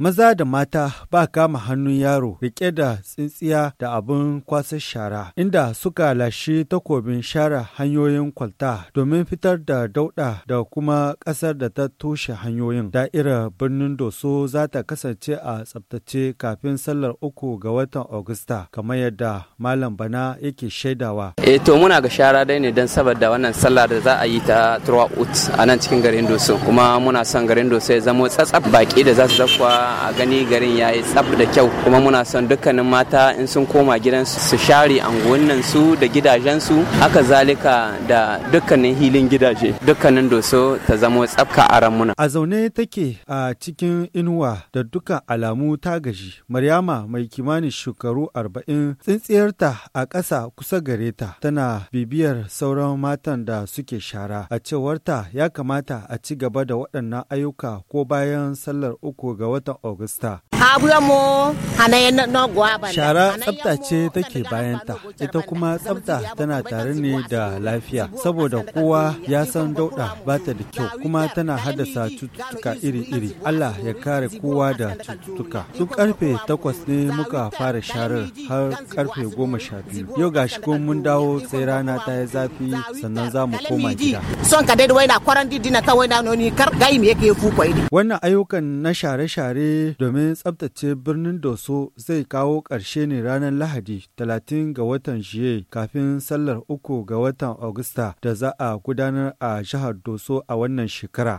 Maza da mata ba kama hannun yaro rike da tsintsiya da abin kwasar shara, inda suka lashe takobin share hanyoyin kwalta domin fitar da dauɗa da kuma ƙasar da ta toshe hanyoyin. Da'irar birnin Doso za ta kasance a tsabtace kafin sallar uku ga watan Agusta, kamar yadda Malam Bana yake shaidawa. E to muna ga shara dai ne don saboda wannan sallar da za a yi ta a nan cikin garin Doso, kuma muna son garin Doso ya zamo tsatsab baki baƙi da za su zakwa a gani garin ya yi tsaf da kyau kuma muna son dukkanin mata in sun koma gidan su share anguwannin su da gidajensu haka zalika da dukkanin hilin gidaje dukkanin doso ta zamo tsafka a ran ramuna. A zaune take a cikin inuwa da duka alamu ta gaji. Maryama mai kimanin shekaru arba'in tsintsiyarta a ƙasa kusa gare ta tana bibiyar sauran matan da suke shara. A cewarta ya kamata a ci gaba da waɗannan ayyuka ko bayan sallar ranar uku ga watan Agusta Shara tsafta ce take bayanta, ita kuma tsafta tana tare ne da lafiya, saboda kowa ya san dauɗa ba ta da kyau kuma tana haddasa cututtuka iri-iri. Allah ya kare kowa da cututtuka. Duk karfe takwas ne muka fara sharar har karfe goma sha biyu. Yau ga shi mun dawo sai rana ta yi zafi sannan za mu koma gida. Wannan ayyukan na share-share domin tsabtace birnin Doso zai kawo ƙarshe ne ranar Lahadi 30 ga watan Juye kafin sallar uku ga watan Agusta da za a gudanar a jihar Doso a wannan shekara.